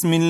بسم الله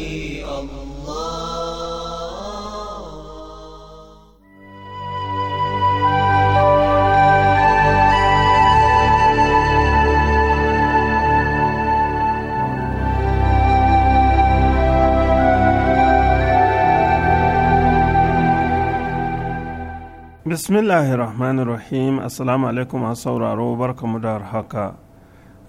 bismillahirrahmanirrahim assalamu alaikum a sauraro barkamu da haka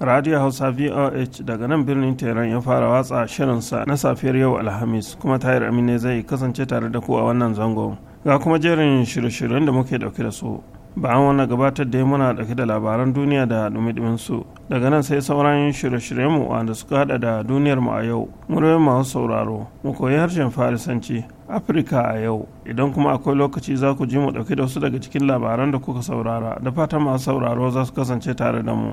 radio hausa voh daga nan birnin teran ya fara watsa shirinsa na safiyar yau alhamis kuma tayar amine zai kasance tare da ku a wannan zangon ga kuma jerin shirye-shiryen da muke dauke da su ba an wani gabatar da muna ɗauke da labaran duniya da dumi su daga nan sai sauran shirye-shiryenmu wanda suka hada da duniyar mu a yau murai masu sauraro mu koyi harshen farisanci afirka a yau idan kuma akwai lokaci za ku ji mu ɗauke da wasu daga cikin labaran da kuka saurara da fatan masu sauraro za su kasance tare da mu.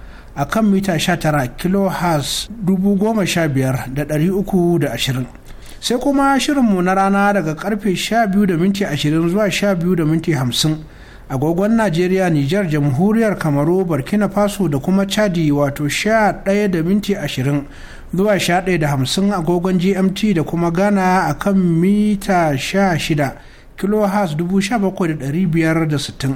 a kan mita 19 kilohertz 15320 sai kuma shirinmu na rana daga karfe 12:20 zuwa sha biyu hamsin agogon najeriya nijar jamhuriyar kamaru burkina faso da kuma chadi wato 11:20 zuwa sha da hamsin agogon gmt da kuma ghana a kan mita 16 kilohertz sittin.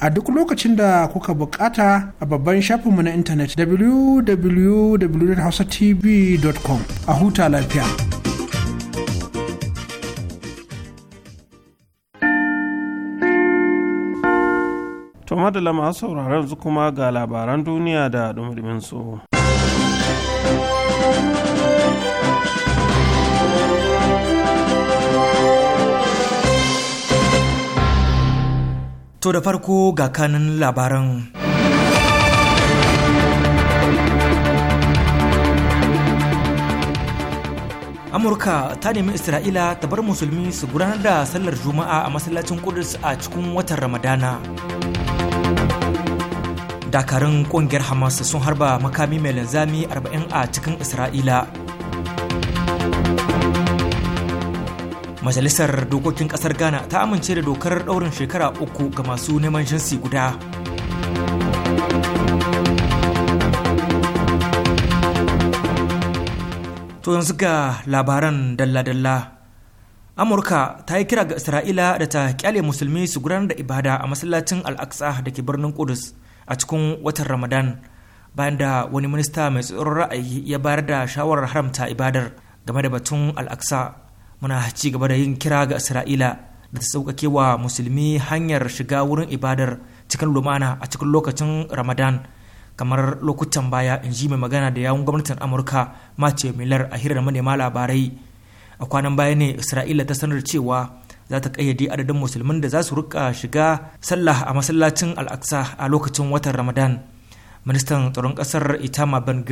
a duk lokacin da kuka bukata a babban shafinmu na intanet www.hausatv.com a huta lafiya. To madalla masu sauraron kuma ga labaran duniya da dumurminsu. su. To da farko ga kanin labaran. Amurka ta nemi Isra'ila ta bar musulmi su gudanar da sallar Juma'a a masallacin Kudus a cikin watan Ramadana. Dakarun ƙungiyar Hamas sun harba makami mai linzami 40 a cikin Isra'ila. majalisar dokokin kasar ghana ta amince da dokar ɗaurin shekara uku ga masu neman jinsi guda to yanzu ga labaran dalla-dalla amurka ta yi kira ga isra'ila da ta kyale musulmi su gudanar da ibada a masallacin al'aksa aqsa da ke birnin kudus a cikin watan ramadan bayan da wani minista mai tsoron ra'ayi ya bayar da shawarar haramta ibadar game da batun al'aksa. muna ci gaba da yin kira ga isra'ila da ta sauƙaƙe wa musulmi hanyar shiga wurin ibadar cikin lumana a cikin lokacin ramadan kamar lokutan baya in ji mai magana da yawun gwamnatin amurka mace miller a hirar manema labarai a kwanan baya ne isra'ila ta sanar cewa za ta kayyade adadin musulmin da za su rika shiga sallah a masallacin al'aqsa a lokacin watan ramadan ministan tsaron ƙasar itama ben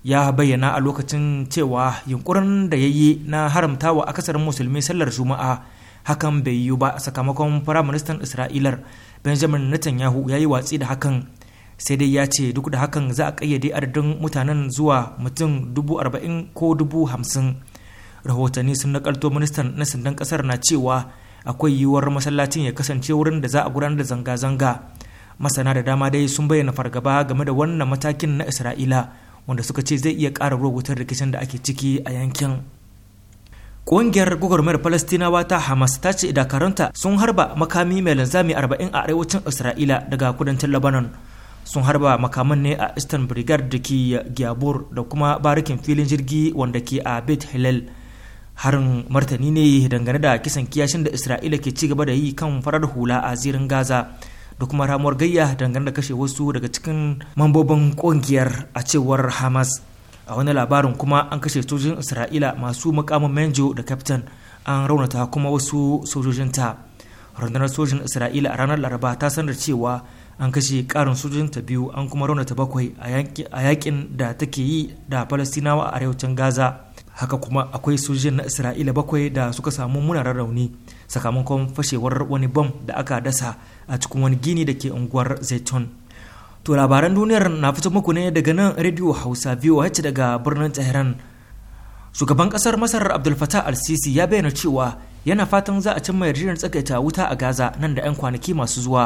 ya bayyana a lokacin cewa yunkurin da ya yi na haramtawa akasarin musulmi sallar juma'a hakan bai yiwu ba sakamakon firaministan isra'ilar benjamin netanyahu ya yi watsi da hakan sai dai ya ce duk da hakan za a kayyade adadin mutanen zuwa mutum dubu arba'in ko dubu hamsin rahotanni sun nakalto ministan na sandan kasar na cewa akwai yiwuwar masallacin ya kasance wurin da za a gudanar da zanga-zanga masana da dama dai sun bayyana fargaba game da wannan matakin na isra'ila wanda suka ce zai iya ƙara wutar rikicin da ake ciki a yankin Ƙungiyar gwagwarmayar Falastinawa ta Hamas ta ce dakaranta sun harba makami mai linzami 40 a arewacin Isra'ila daga kudancin Lebanon. Sun harba makaman ne a Eastern Brigade da ke Gyabur da kuma barikin filin jirgi wanda ke a Beit Hillel. Harin martani ne dangane da kisan kiyashin da Isra'ila ke ci gaba da yi kan farar hula a zirin Gaza. da kuma ramuwar gayya dangane da kashe wasu daga cikin mambobin kungiyar a cewar hamas a wani labarin kuma an kashe sojojin isra'ila masu mukamin menjo da kaftan an raunata kuma wasu sojojinta rundunar sojin isra'ila a ranar laraba ta sanar cewa an kashe karin sojojinta biyu an kuma raunata bakwai a yakin da take yi da falastinawa a arewacin gaza haka kuma akwai sojojin na isra'ila bakwai da suka samu munarar rauni sakamakon fashewar wani bam da aka dasa a cikin wani gini da ke unguwar zaitun to labaran duniyar na fito muku ne daga nan radio hausa voh daga birnin tehran shugaban kasar masar abdul fatah al-sisi ya bayyana cewa yana fatan za a cimma yarjejeniyar tsakaita wuta a gaza nan da 'yan kwanaki masu zuwa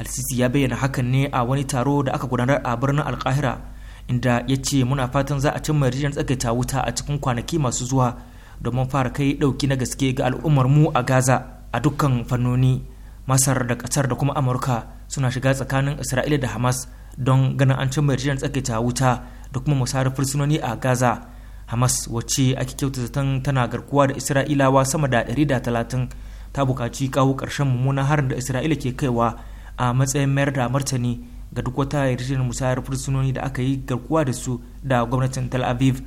al-sisi ya bayyana hakan ne a wani taro da aka gudanar a birnin alkahira inda ya ce muna fatan za a cimma yarjejeniyar tsakaita wuta a cikin kwanaki masu zuwa domin fara kai dauki na gaske ga al'ummar mu a gaza a dukkan fannoni masar da kasar da kuma amurka suna shiga tsakanin isra'ila da hamas don ganin an cimma yarjejeniyar tsakaita wuta da kuma musayar fursunoni a gaza hamas wacce ake kyauta zaton tana garkuwa da isra'ilawa sama da 130 ta bukaci kawo karshen mummunan harin da isra'ila ke kaiwa a matsayin mayar da martani ga duk wata yarjejeniyar musayar fursunoni da aka yi garkuwa da su da gwamnatin tel aviv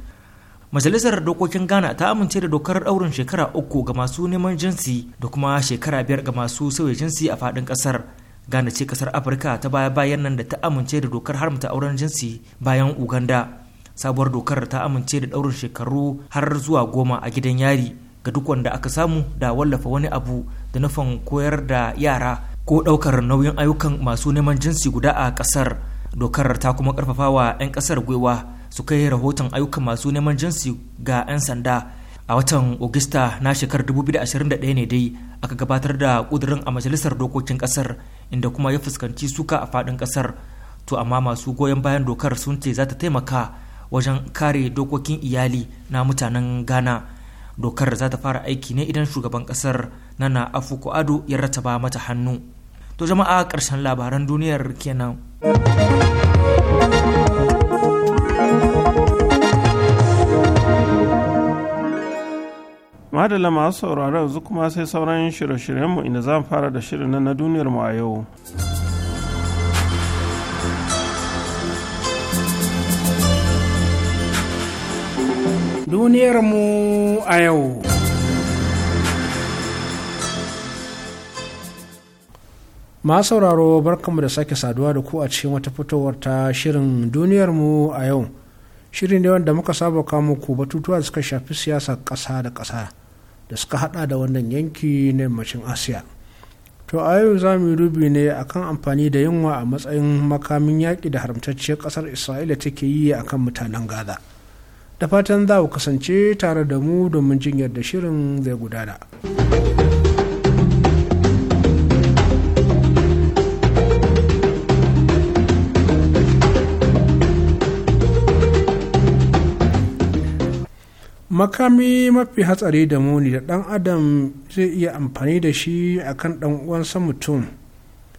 majalisar dokokin ghana ta amince da dokar daurin shekara uku ga masu neman jinsi da kuma shekara biyar ga masu sauya jinsi a faɗin ƙasar ghana ce ƙasar afirka ta baya bayan nan da ta amince da dokar haramta auren jinsi bayan uganda sabuwar dokar ta amince da daurin shekaru har zuwa goma a gidan yari ga duk wanda aka samu da wallafa wani abu da nufin koyar da yara ko ɗaukar nauyin ayyukan masu neman jinsi guda a ƙasar dokar ta kuma ƙarfafa wa 'yan ƙasar gwiwa suka yi rahoton ayyukan masu neman jinsi ga 'yan sanda a watan Ogista na shekarar 2021 ne dai aka gabatar da kudurin a majalisar dokokin kasar inda kuma ya fuskanci suka a fadin kasar to amma masu goyon bayan dokar sun ce za ta taimaka wajen kare dokokin iyali na mutanen Ghana dokar za ta fara aiki ne idan shugaban kasar nana afuku ado ya rataba mata hannu to jama'a karshen labaran duniyar kenan madalla masu sauraro yanzu kuma sai sauran shirye-shiryenmu inda za fara da shirin na duniyarmu a yau duniyarmu a yau ma sauraro barkanmu da sake saduwa da ku a cikin wata fitowar ta shirin duniyarmu a yau shirin ne wanda muka saba kawo muku batutuwa da suka shafi siyasa ƙasa da ƙasa da suka hada da wannan yanki na yammacin asiya to a yau za mu rubi ne akan amfani da yunwa a matsayin makamin yaƙi da haramtacciyar ƙasar isra'ila take yi a kan mutanen gaza da fatan za ku kasance tare da mu domin jin yadda shirin zai gudana. makami mafi hatsari da muni da ɗan adam zai iya amfani da shi a kan uwansa mutum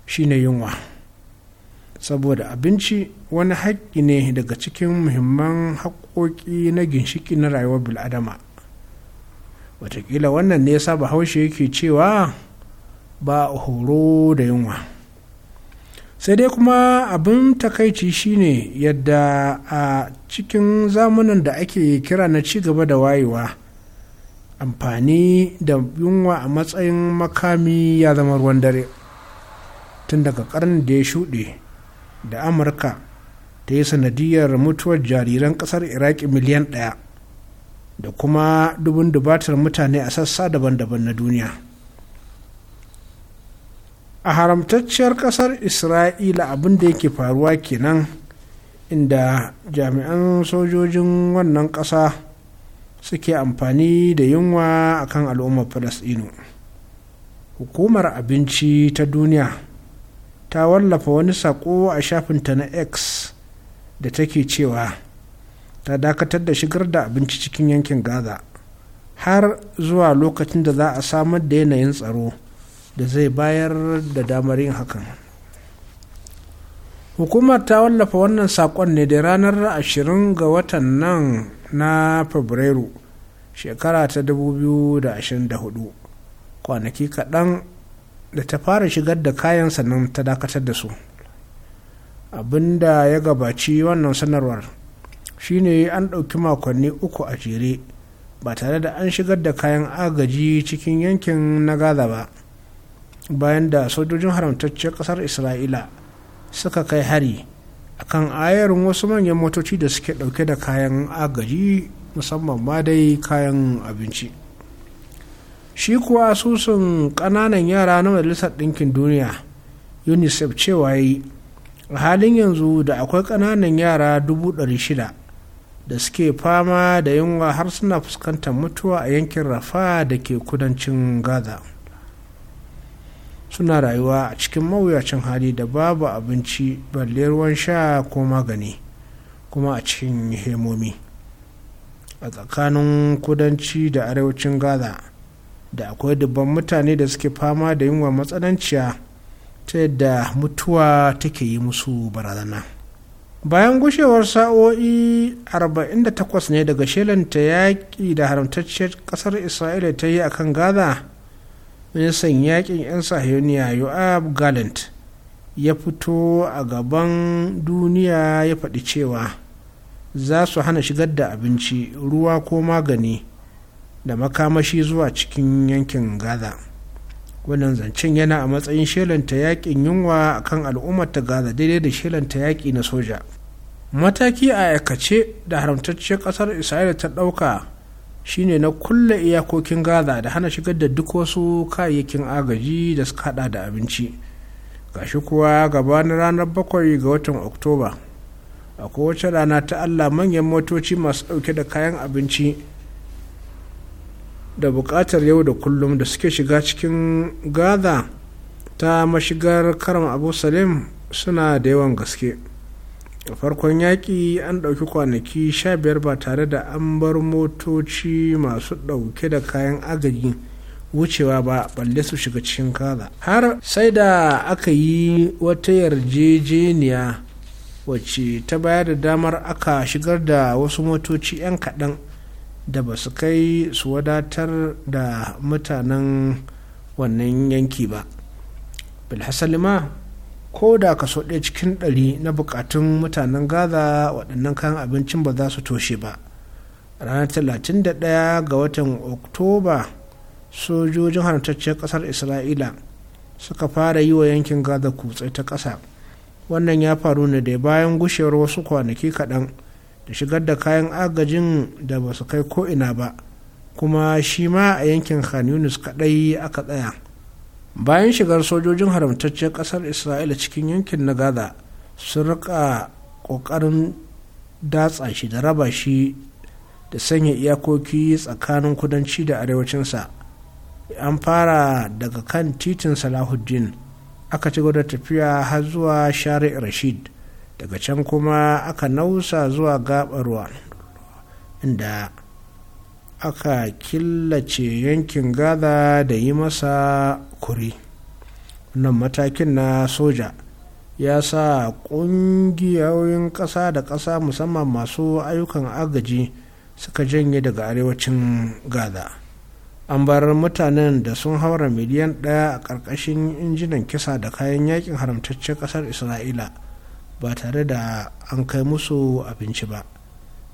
shine yunwa saboda abinci wani haƙƙi ne daga cikin muhimman haƙƙoƙi na ginshiƙi na rayuwar bil'adama watakila wannan ne ya saba haushe yake cewa ba horo da yunwa sai dai kuma abin takaici shine yadda a cikin zamanin da ake kira na ci gaba da wayewa amfani da yunwa a matsayin makami ya zama ruwan dare tun daga karni da ya shuɗe da amurka ta yi sanadiyar mutuwar jariran ƙasar iraki miliyan ɗaya da kuma dubin dubatar mutane a sassa daban-daban na duniya. a haramtacciyar kasar isra'ila abin da yake faruwa kenan inda jami'an sojojin wannan kasa suke amfani da yunwa akan al'ummar falasɗinu hukumar abinci ta duniya ta wallafa wani sako a shafinta na x da take cewa ta dakatar da shigar da abinci cikin yankin gaza har zuwa lokacin da za a samar da yanayin tsaro da zai bayar da damar yin hakan hukumar ta wallafa wannan sakon ne da ranar 20 ga watan nan na fabrairu shekara ta 2024 kwanaki kaɗan da ta fara shigar da kayan sannan ta dakatar da su abinda ya gabaci wannan sanarwar shine an ɗauki makonni uku a jere ba tare da an shigar da kayan agaji cikin yankin na gaza ba bayan da sojojin haramtaccen kasar isra'ila suka kai hari a kan ayarin wasu manyan motoci da suke dauke da kayan agaji musamman ma dai kayan abinci shi kuwa asusun kananan yara na majalisar ɗinkin duniya unicef cewa yi a halin yanzu da akwai kananan yara 600 da suke fama da yunwa har suna fuskantar mutuwa a yankin rafa da ke kudancin gaza suna rayuwa a cikin mawuyacin hali da babu abinci balle ruwan sha ko magani kuma a cikin hemomi a tsakanin kudanci da arewacin gaza da akwai dubban mutane da suke fama da yunwa matsananciya ta yadda mutuwa take yi musu barazana bayan gushewar sa'o'i 48 ne daga shelanta yaƙi da haramtacciyar ƙasar isra'ila ta yi kan gaza ministan yakin 'yan sahiyoniya yoab gallant ya fito a gaban duniya ya faɗi cewa za su hana shigar da abinci ruwa ko magani da makamashi zuwa cikin yankin gaza wannan zancen yana a matsayin shelanta yakin yunwa a kan al'ummar ta gaza daidai da shelanta yaƙi na soja mataki a aikace da haramtacciyar ƙasar isra'ila ta ɗauka shine na kulle iyakokin gaza da hana shigar da duk wasu kayayyakin agaji da suka hada da abinci gashi kuwa gaba na ranar bakwai ga watan oktoba a kowace rana ta allah manyan motoci masu dauke da kayan abinci da bukatar yau da kullum da suke shiga cikin gaza ta mashigar karam abu salim suna da yawan gaske da farkon yaƙi an ɗauki kwanaki 15 ba tare da an bar motoci masu ɗauke da kayan agaji wucewa ba balle su shiga cikin kaza har sai da aka yi wata yarjejeniya wacce ta bayar da damar aka shigar da wasu motoci 'yan kaɗan da ba su kai su wadatar da mutanen wannan yanki ba bilhassali lima. ko da kaso ɗaya cikin ɗari na bukatun mutanen gaza waɗannan kayan abincin ba za su toshe ba ranar 31 ga watan oktoba sojojin haramtacciyar ƙasar isra'ila suka fara yi wa yankin gaza kutse ta ƙasa wannan ya faru ne da bayan gushewar wasu kwanaki kaɗan da shigar da kayan agajin da ba su kai ko'ina ba kuma shi ma a yankin khan yunus kaɗai aka tsaya bayan shigar sojojin haramtacciyar kasar isra'ila cikin yankin na gaza sun rika kokarin datsa shi da raba shi da sanya iyakoki tsakanin kudanci da arewacinsa an fara daga kan titin salahuddin aka ci da tafiya har zuwa shari'a rashid daga can kuma aka nausa zuwa gabar ruwa inda aka killace yankin gaza da yi masa kuri wannan matakin na soja ya sa ƙungiyoyin ƙasa da ƙasa musamman masu ayyukan agaji suka janye daga arewacin gaza an bar mutanen da sun haura miliyan ɗaya a ƙarƙashin injinan kisa da kayan yakin haramtaccen ƙasar isra'ila ba tare da an kai musu abinci ba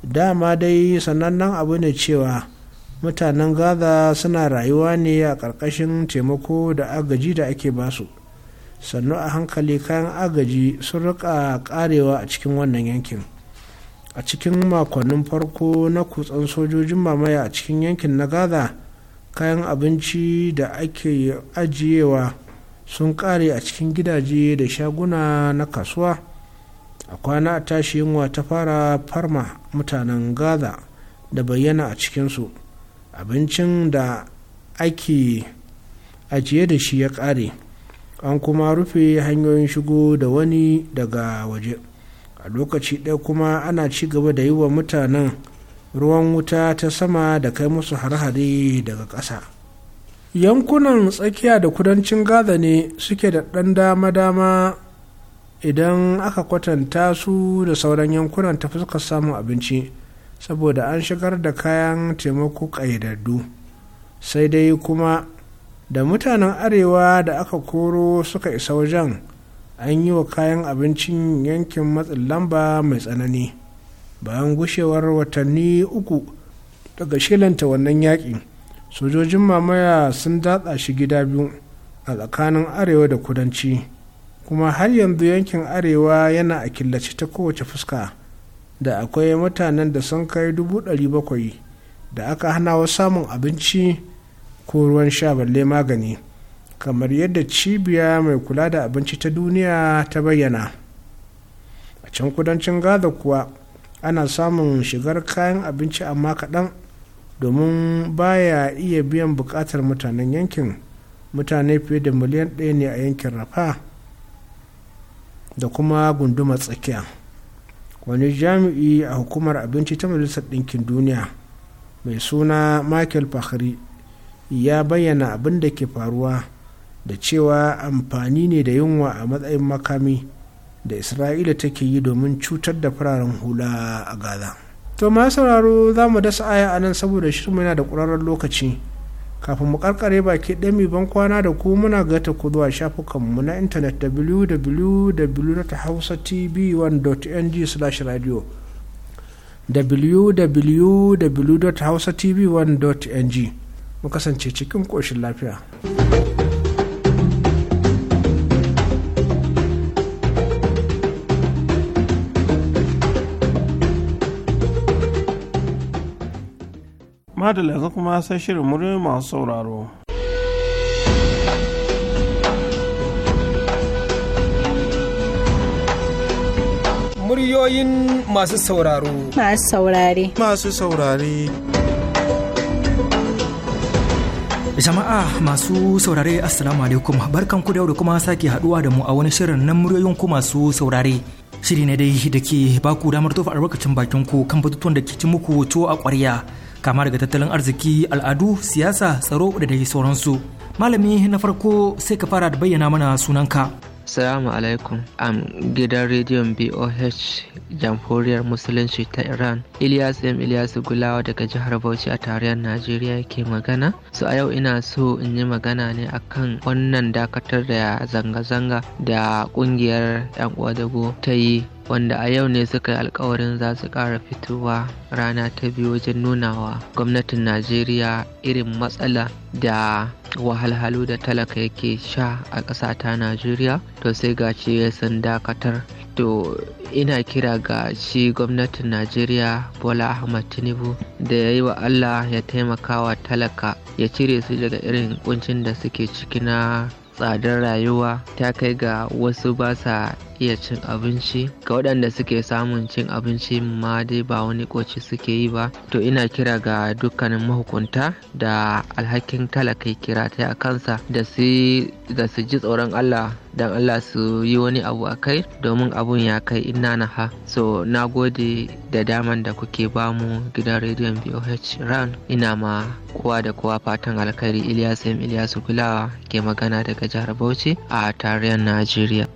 dama dai sanannen abu ne cewa mutanen gaza suna rayuwa ne a ƙarƙashin taimako da agaji da ake basu sannu a hankali kayan agaji sun rika karewa a cikin wannan yankin a cikin makonnin farko na kutsan sojojin mamaya a cikin yankin na gaza kayan abinci da ake ajiyewa sun kare a cikin gidaje da shaguna na kasuwa a kwana tashi yunwa ta fara farma mutanen gaza da bayyana a cikinsu abincin da ake ajiye da shi ya ƙare an kuma rufe hanyoyin shigo da wani daga waje a lokaci ɗaya kuma ana ci gaba da yi wa mutanen ruwan wuta ta sama da kai musu har-hare daga ƙasa yankunan tsakiya da kudancin gaza ne suke da ɗan dama-dama idan aka kwatanta su da sauran yankunan ta fuskar samun abinci saboda an shigar da kayan taimako ƙaidaddu sai dai kuma da mutanen arewa da aka koro suka isa wajen an yi wa kayan abincin yankin matsin lamba mai tsanani bayan gushewar watanni uku daga shilanta wannan yaƙi sojojin mamaya sun datsa shi gida biyu a tsakanin arewa da kudanci kuma har yanzu yankin arewa yana a killace ta kowace fuska da akwai mutanen da sun kai dubu ɗari bakwai da aka hana wa samun abinci ko ruwan sha balle magani kamar yadda cibiya mai kula da abinci ta duniya ta bayyana a can kudancin gaza kuwa ana samun shigar kayan abinci amma kaɗan domin baya iya biyan buƙatar mutanen yankin mutane fiye da miliyan ɗaya ne a yankin rafa da kuma gunduma tsakiya wani jami'i a hukumar abinci ta majalisar ɗinkin duniya mai suna michael fahri ya bayyana abin da ke faruwa da cewa amfani ne da yunwa a matsayin makami da isra'ila take yi domin cutar da fararen hula a gaza to ma sauraro za mu dasa aya a nan saboda shirma yana da ƙwararren lokaci kafin mu karkare baki ɗami ban kwana da ku muna gata ku zuwa shafukanmu na intanet www.hausatv1.ng/radio www.hausatv1.ng mu kasance cikin koshin lafiya. amma da yanzu kuma sai shirin murin masu sauraro muryoyin masu sauraro masu saurare masu saurare jama'a masu saurare assalamu alaikum barkan ku da yau da kuma sake haduwa da mu a wani shirin na muryoyin ku masu saurare shiri ne dai da ke baku damar tofa albarkacin bakin ku kan batutuwan da ke ci muku to a ƙwarya kama daga tattalin arziki al'adu siyasa tsaro da dai sauransu malami na farko sai ka fara da bayyana mana sunanka Salamu alaikum, am gidan rediyon BOH Jamhuriyar Musulunci ta Iran. Ilyas M. Ilyasu Gulawa daga jihar Bauchi a tarayyar Najeriya ke magana. So a yau ina so in yi magana ne akan wannan dakatar da zanga-zanga da kungiyar 'yan dago ta yi wanda a yau ne suka yi alkawarin za su ƙara fitowa rana ta biyu wajen nunawa gwamnatin najeriya irin matsala da wahalhalu da talaka yake sha a ƙasa ta najeriya to sai ga shi sun dakatar to ina kira ga shi gwamnatin najeriya bola ahmad tinubu da ya yi wa allah ya taimaka wa talaka ya cire su daga irin kuncin da suke ciki na tsadar rayuwa ta kai ga wasu ba sa iya cin abinci ga waɗanda suke samun cin abinci ma dai ba wani ƙoci suke yi ba to ina kira ga dukkanin mahukunta da alhakin talakai kira ta a kansa da su ji tsoron Allah dan Allah su yi wani abu a kai domin abun ya kai ina na ha so na gode da daman da kuke bamu gidan rediyon BOH ran ina ma kowa da kowa fatan alkhairi iliyasu Iliyasu Kulawa ke magana daga jihar Bauchi a tarayyar Najeriya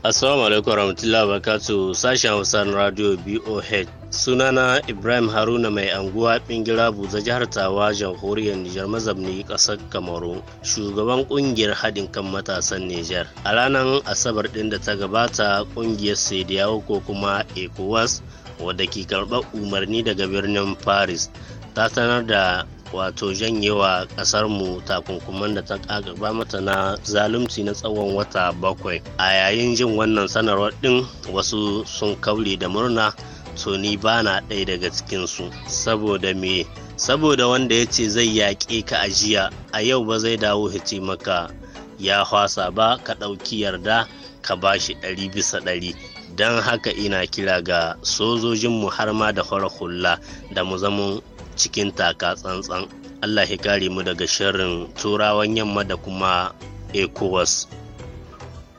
Assalamu alaikum warahmatullahi wabarakatuh sashen Hausa na Radio BOH. Sunana Ibrahim Haruna mai anguwa bingira buza jihar Tawa jamhuriyar Nijar mazabni kasar Kamaru, shugaban kungiyar haɗin kan matasan Nijar. A ranar Asabar ɗin da ta gabata ƙungiyar Sediyawo ko kuma ECOWAS wadda ke karɓar umarni daga birnin Paris ta sanar da wato janyewa ƙasarmu takunkuman da ta kagaba mata na zalunci na tsawon wata bakwai a yayin jin wannan sanarwar ɗin wasu sun kaule da murna to ni ba na ɗaya daga cikinsu saboda me saboda wanda ya ce zai yaƙe ka a jiya a yau ba zai dawo ce maka ya hwasa ba ka ɗauki yarda ka ba shi ɗari bisa ɗari don haka ina kira ga sojojinmu har ma da hula da mu zama cikin taka tsantsan allah ya kare mu daga shirin turawan yamma da kuma ecowas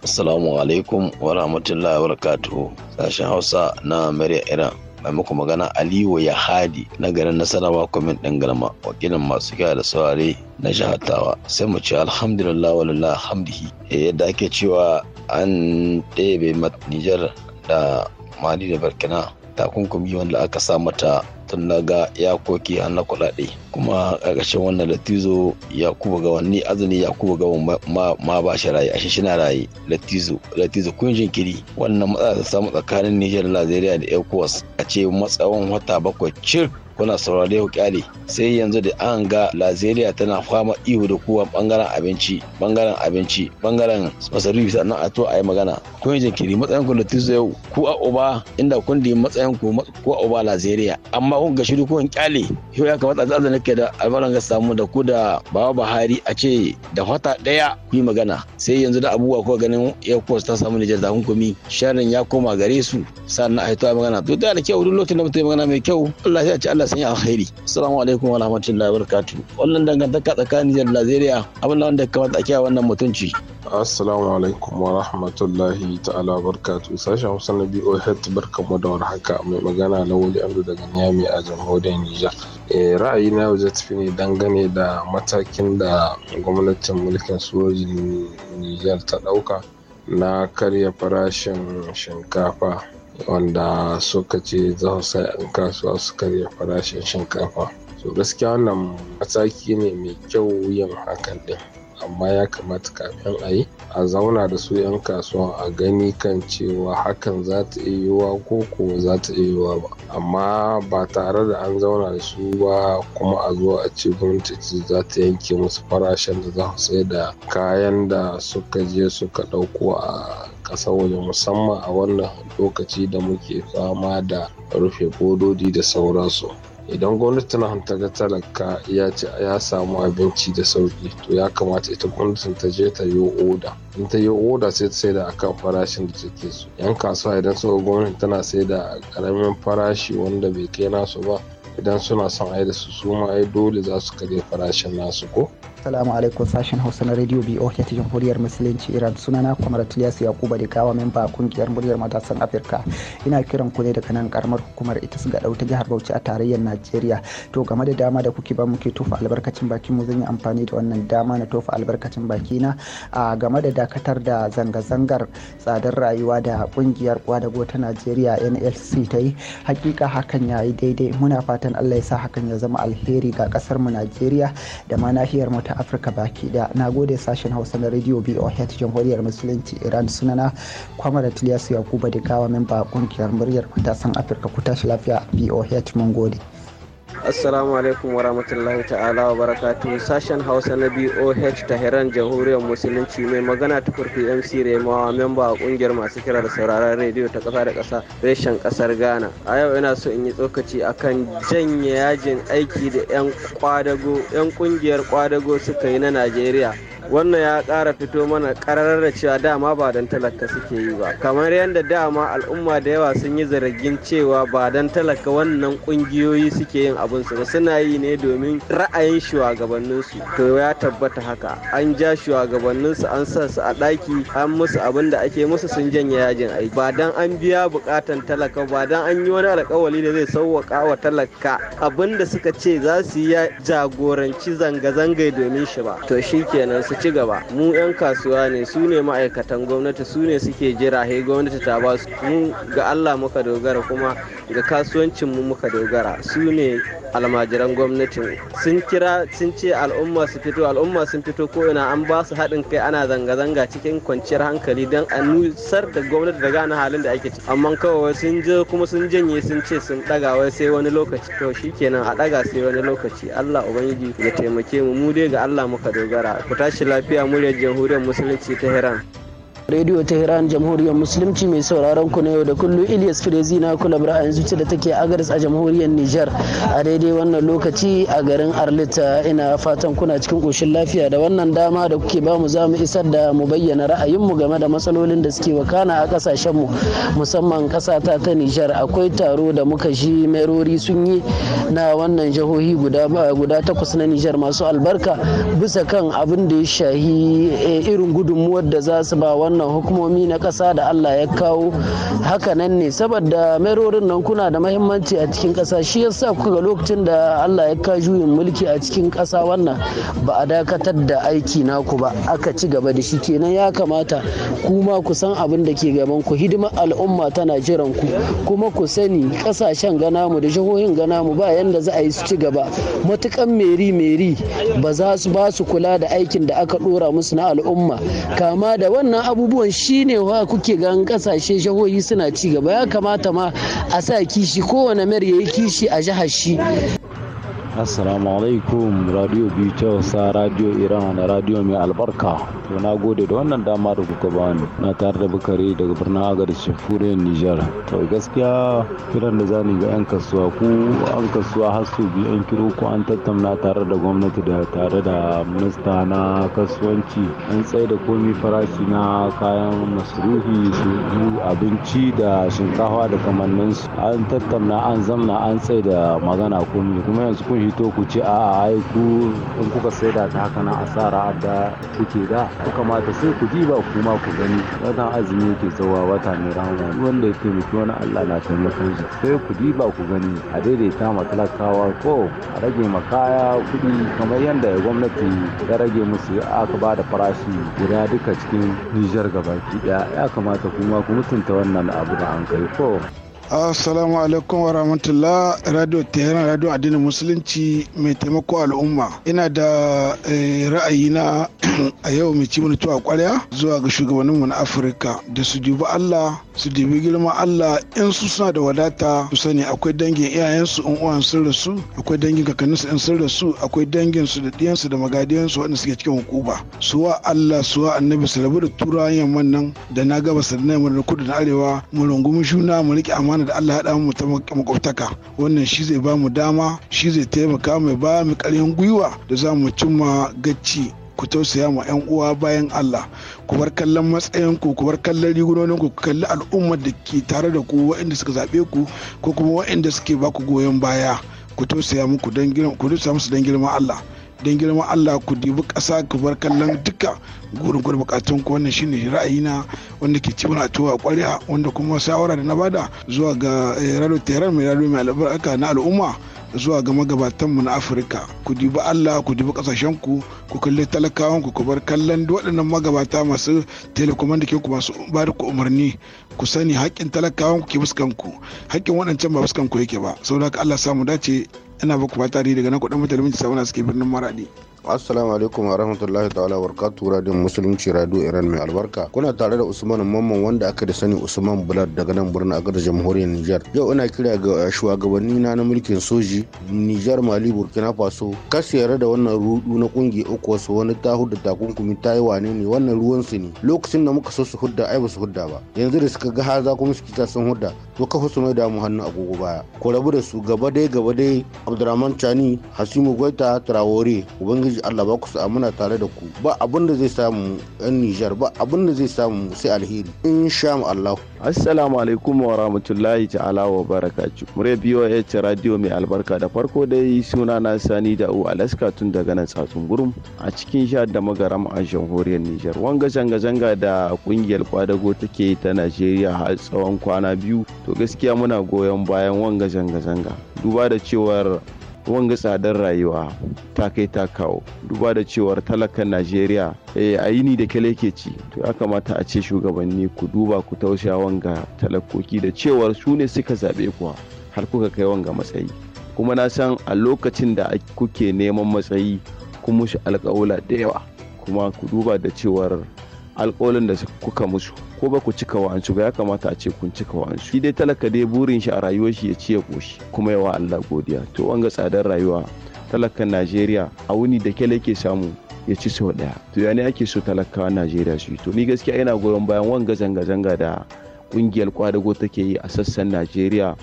assalamu alaikum wa rahmatullahi wa barakatuhu sashen hausa na murya iran mai muku magana aliyu ya hadi na garin nasarawa kwamin ɗin galma wakilin masu kya da saurare na shahatawa sai mu ce alhamdulillah walillah hamdihi eh, yadda ake cewa an ɗebe Niger da mali da burkina takunkumi wanda aka sa mata tun daga yakoki har na kuɗaɗe kuma ƙarƙashin wannan latizo yakubu gawan azumi yakubu gawan ma ba shi raye ashe shi na raye latizo latizo kun jinkiri wannan matsa ta samu tsakanin nijar da najeriya da ecowas a ce matsawan wata bakwai cirk kuna saurare ku kyale sai yanzu da an ga Lazeriya tana fama ihu da kowa bangaren abinci bangaren abinci bangaren masarufi sannan a to a yi magana kun yi jinkiri matsayin ku Latizo yau ku a uba inda kun da matsayin ku ku a uba Lazeriya amma kun ga shiru kun kyale yau ya kamata a zazzanin ke da albaran ga samu da ku da Baba Buhari a ce da fata daya ku yi magana sai yanzu da abubuwa ko ganin ya Force ta samu Nijar da hukumi sharin ya koma gare su sannan a yi magana to da kyau duk lokacin da mutum magana mai kyau Allah ya ce Allah sun yi alheri assalamu alaikum wa rahmatullahi wa barakatu wannan dangantaka tsakanin Nijar Najeriya abin da wanda kamata a wannan mutunci assalamu alaikum wa rahmatullahi ta'ala wa barakatu sashen Hausa na BOH barkamu da warhaka mai magana Lawali Abdu daga Niamey a jamhuriyar Nijar eh, ra'ayi na yau zai tafi ne dangane da matakin da gwamnatin mulkin sojin Nijar ta ɗauka na karya farashin shinkafa wanda suka ce za su sa 'yan kasuwa su karya farashin shinkafa to gaskiya wannan mataki ne mai kyau yin hakan ɗin, amma ya kamata kafin a yi a zauna da su 'yan kasuwa a gani kan cewa hakan za ta iya yiwuwa ko ko za ta iya yiwuwa ba amma ba tare da an zauna da su ba kuma a zo a ce gwamnati za ta yanke musu farashin da za su sai da kayan da suka je suka ɗauko a ƙasar waje musamman a wannan lokaci da muke fama da rufe gododi da sauransu idan gwamnati tana ga talaka ya ce ya samu abinci da sauki to ya kamata ita gwamnatin ta je ta yi oda in ta yi oda sai ta saida a kan farashin da take so yan kasuwa idan suka gwamnati tana saida a karamin farashi wanda bai kai nasu ba idan suna son ai da su su ma ai dole za su karya farashin nasu ko Assalamu alaikum sashen Hausa na Radio BOH ta Jamhuriyar Musulunci Iran sunana Kwamar Tiliyasu Yakuba da gawa memba kungiyar muryar matasan Afirka. Ina kiran ku ne daga nan karamar hukumar ita su ga ta jihar Bauchi a tarayyar Najeriya. To game da dama da kuke ba muke tofa albarkacin bakin mu zan yi amfani da wannan dama na tofa albarkacin baki na a game da dakatar da zanga-zangar tsadar rayuwa da kungiyar kwadago ta Najeriya NLC ta yi. Hakika hakan yayi daidai muna fatan Allah ya sa hakan ya zama alheri ga kasar mu Najeriya da ma nahiyar mu ta ta afirka baki da na gode sashen hausa na radio boh jamhuriyar musulunci iran sunana kwamar tiliyasu yakuba da gawa memba kungiyar muryar matasan afirka ku tashi lafiya boh mun gode assalamu alaikum warahmatullahi ta'ala wa barakatuhu sashen hausa na boh tahiran jamhuriyar musulunci mai magana ta kurfi mc remawa memba a kungiyar masu kira da sauraron rediyo ta kasa da kasa reshen kasar ghana a yau ina so in yi tsokaci akan janye yajin aiki da yan kwadago yan kungiyar kwadago suka yi na najeriya wannan ya ƙara fito mana ƙararar da cewa dama ba don talaka suke yi ba kamar yadda dama al'umma da yawa sun yi zargin cewa ba don talaka wannan ƙungiyoyi suke yin abu su ba suna yi ne domin ra'ayin shugabanninsu to ya tabbata haka an ja shugabanninsu an sa su a daki an musu abin da ake musu sun janye yajin aiki ba dan an biya bukatan talaka ba dan an yi wani alkawali da zai sauwaka wa talaka abin da suka ce za su yi jagoranci zanga-zangai domin shi ba to shi kenan su ci gaba mu 'yan kasuwa ne su ne ma'aikatan gwamnati su ne suke jira he gwamnati ta ba su mu ga Allah muka dogara kuma ga kasuwancin mu muka dogara su ne almajiran gwamnatin sun kira sun ce al'umma su fito al'umma sun fito ko ina an ba su haɗin kai ana zanga-zanga cikin kwanciyar hankali don a nusar da gwamnati da gane halin da ake ciki amma kawai sun je kuma sun janye sun ce sun ɗaga wai sai wani lokaci to shikenan a ɗaga sai wani lokaci Allah ubangiji ya taimake mu mu dai ga Allah muka dogara ku tashi lafiya muryar jamhuriyar musulunci ta hiran Radio Tehran Jamhuriyar Musulunci mai sauraron ku na yau da kullum Ilyas Firezi na kula ra'ayin yanzu da take Agadas a Jamhuriyar Nijar a daidai wannan lokaci a garin Arlita ina fatan kuna cikin koshin lafiya da wannan dama da kuke bamu za mu isar da mu bayyana ra'ayinmu game da matsalolin da suke wakana a kasashen mu musamman kasa ta Nijar akwai taro da muka ji merori sun yi na wannan jihohi guda guda takwas na Nijar masu albarka bisa kan abin da ya shahi eh, irin gudunmuwar da za su ba wannan wannan hukumomi na ƙasa da Allah ya kawo haka nan ne saboda merorin nan kuna da mahimmanci a cikin ƙasa shi yasa kuka ga lokacin da Allah ya kawo juyin mulki a cikin ƙasa wannan ba a dakatar da aiki naku ba aka ci gaba da shi kenan ya kamata kuma ku san abin da ke gaban ku hidimar al'umma tana jiran ku kuma ku sani kasashen gana mu da jihohin gana mu ba yanda za a yi su ci gaba matukan meri meri ba za su ba su kula da aikin da aka dora musu na al'umma kama da wannan abu abubuwan shi ne wa kuke ga kasashe jihohi suna ci gaba ya kamata ma a sa kishi kowane mayar yi kishi a jihar shi assalamu alaikum radio biyu radio iran radio mai albarka to na gode da wannan dama da kuka bani na tare da bukari daga birnin agar shafuriyar nijar to gaskiya kiran da zani ga yan kasuwa ku an kasuwa har su biyu an kiro ku an tattauna tare da gwamnati da tare da minista na kasuwanci an tsaye da komi farashi na kayan masarufi su abinci da shinkafa da kamanninsu an tattauna an zamna an tsaye da magana komi kuma yanzu kun hito ku ce a'a ai ku in kuka saida ta haka na asara da kuke da Ya kamata sai ku diba kuma ku gani watan azumi yake zawa wata mai rana wanda ya taimaki wani Allah na taimakon shi sai ku diba ku gani a daidaita ma talakawa ko a rage ma kaya kuɗi kamar yadda gwamnati ya rage musu aka ba da farashi guda duka cikin Nijar gabaki daya, ya kamata kuma ku mutunta wannan abu da an kai ko. Assalamu alaikum wa rahmatullah Radio Tehran Radio Addinin Musulunci mai taimako al'umma. Ina da eh, ra'ayi na a yau mai ci mutuwa kwarya zuwa ga shugabanninmu na Afirka da su dubi Allah su dibi girma Allah in su suna da wadata su sani akwai dangin iyayensu in uwan sun rasu akwai dangin kakanninsu in sun rasu akwai dangin su da diyansu da magadiyansu waɗanda suke cikin Su suwa Allah suwa annabi su rabu da turawan wannan da na gabas da na yamma kudu da arewa mu rungumi juna mu rike amana da Allah haɗa mu ta makwabtaka wannan shi zai ba mu dama shi zai taimaka mai ba mu ƙarfin gwiwa da za mu cimma gacci ku tausaya ma 'yan uwa bayan Allah ku bar kallon matsayin ku ku bar kallon rigunonin ku kalli al'ummar da ke tare da ku waɗanda suka zaɓe ku ko kuma waɗanda suke ba ku goyon baya ku tausaya muku don ku tausaya musu don girma Allah don girma Allah ku dibi ƙasa ku bar kallon duka gurgur bukatun ku wannan shine ra'ayina wanda ke ci mana tuwa ƙwarya wanda kuma shawara da na bada zuwa ga eh, rado teran mai mai albarka na al'umma zuwa ga magabatanmu na afirka ku dubi allah ku dubi kasashenku ku kalli talakawanku ku bar kallon waɗannan magabata masu telekoman da ke ku masu ba da ku umarni ku sani haƙƙin talakawanku ke fuskanku haƙƙin waɗancan ba fuskanku yake ba saboda haka allah samu dace ina ba ku fata daga nan kuɗin mutane mun ci sabon suke birnin maraɗi. assalamu alaikum wa rahmatullahi ta'ala wa barakatuhu radio musulunci radio iran mai albarka kuna tare da usman mamman wanda aka da sani usman bulat daga nan birnin agar jamhuriyar niger yau ina kira ga shugabanni na na mulkin soji niger mali burkina faso kasu yare da wannan rudu na kungiya uku wasu wani ta hudda takunkumi ta yi wane ne wannan ruwan su ne lokacin da muka so su hudda ai ba su hudda ba yanzu da suka ga haza kuma suke ta sun hudda to kafa su mai damu hannu agogo baya ku rabu da su gaba dai gaba dai abdurrahman chani hasimu goita tarawore. ubangiji ubangiji Allah ba ku muna tare da ku ba abin da zai samu yan Nijar ba abin da zai samu sai alheri mu Allah Assalamu alaikum wa rahmatullahi ta'ala wa barakatuh mure BOH radio mai albarka da farko dai suna na Sani da U Alaska tun daga nan tsatsun gurum a cikin sha da magaram a jamhuriyar Nijar wanga zanga zanga da kungiyar kwadago take ta Najeriya har tsawon kwana biyu to gaskiya muna goyon bayan wanga zanga zanga duba da cewar wanga tsadar rayuwa ta kai ta kawo duba da cewar talakan najeriya eh, a yini da kyale yake ci to ya kamata a ce shugabanni ku duba ku tausaya wanga talakoki da cewar su ne suka zaɓe kuwa har kuka kai wanga matsayi kuma na san a lokacin da kuke neman matsayi kuma shi alƙawula da yawa kuma ku duba da cewar alkolin da kuka musu ko ba ku cika wa'ansu ba ya kamata a ce kun cika wa'ansu shi dai talaka dai burin shi a rayuwar shi ya ci ya koshi kuma yawa Allah godiya to wanga tsadar rayuwa talakan Najeriya a wuni da kyale ke samu ya ci sau ɗaya to ya ne ake so talakawa Najeriya su yi to ni gaskiya ina goyon bayan wanga zanga-zanga da ƙungiyar kwadago take yi a sassan Najeriya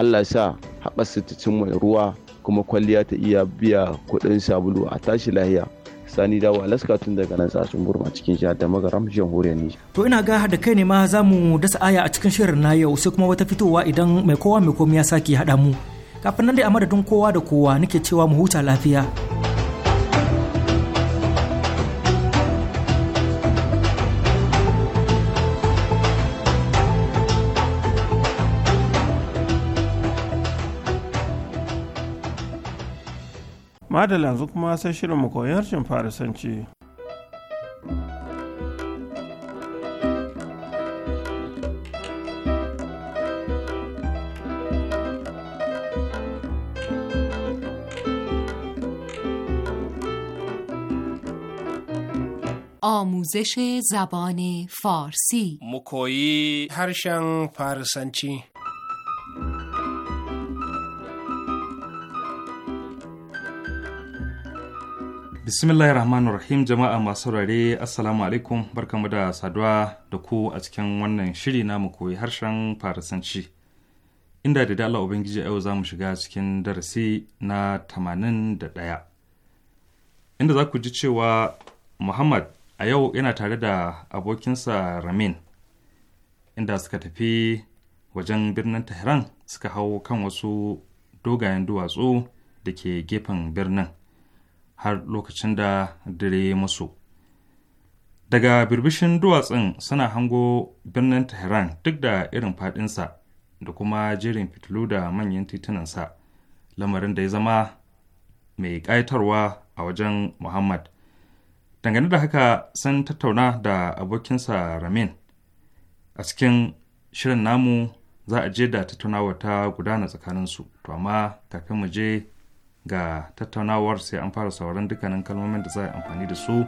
Allah sa haɓasa ta mai ruwa kuma kwalliya ta iya biya kuɗin sabulu a tashi lahiya sani dawo alaska tun daga nan sashen burma cikin jihar da magaram jamhuriyar nijar to ina ga da kai ne ma za mu dasa aya a cikin shirin na yau sai kuma wata fitowa idan mai kowa mai komi ya sake haɗa mu kafin nan dai a madadin kowa da kowa nake cewa mu huta lafiya madalla yanzu kuma sai shirin mu koyi harshen farisanci آموزش زبان فارسی مکوی هرشن پرسنچی bismillahir rahmanir rahim jama'a masu rare assalamu alaikum barkamu da saduwa da ku a cikin wannan shiri na mu koyi harshen farisanci inda da Allah ubangiji yau za mu shiga cikin darasi na tamanin da 81 inda za ku ji cewa muhammad a yau yana tare da abokinsa ramin inda suka tafi wajen birnin tehran suka hau kan wasu dogayen duwatsu da ke gefen birnin har lokacin da dare masu. Daga birbishin duwatsun suna hango birnin Tehran duk da irin faɗinsa da kuma jerin fitilu da manyan titunansa, lamarin da ya zama mai ƙayatarwa a wajen Muhammad. Dangane da haka sun tattauna da abokinsa Ramin. A cikin shirin namu za a je da tattaunawa ta gudana tsakaninsu, to amma kafin mu je ga tattaunawar sai an fara sauran dukkanin kalmomin da za a amfani da su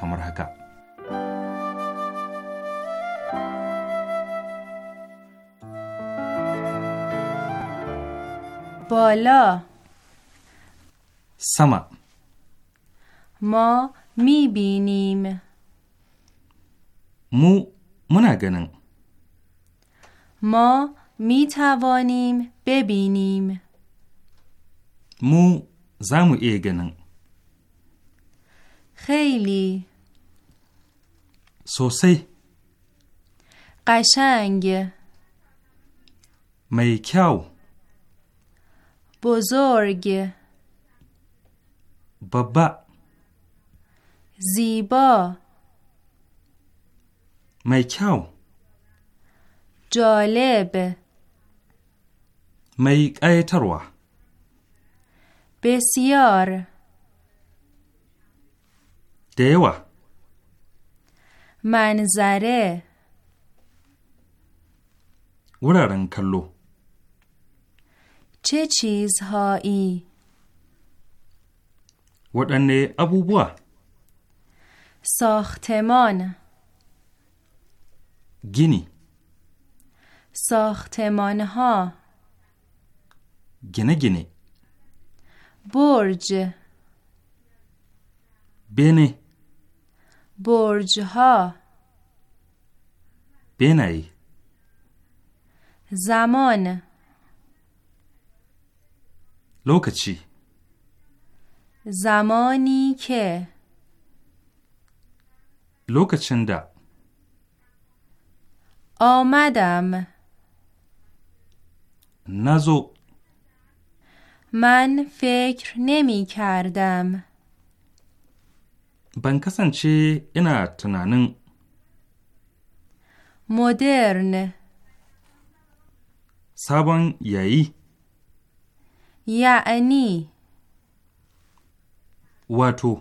kamar haka. بالا سما ما میبینیم مو منگنن ما میتوانیم ببینیم مو زمو ایگنن خیلی سوسی قشنگ میکاو بزرگ بابا زیبا میکاو جالب میک ایتروه بسیار دیوا منظره ورارن کلو چه چیزهایی ودنه ابوبوا ساختمان گینی ساختمان ها گنه گنه برج بنه برج ها بینی زمان چی؟ زمانی که لوکچندا چنده؟ آمدم نزو من فکر نمی کردم ban kasance ina tunanin modern sabon yayi ya'ani wato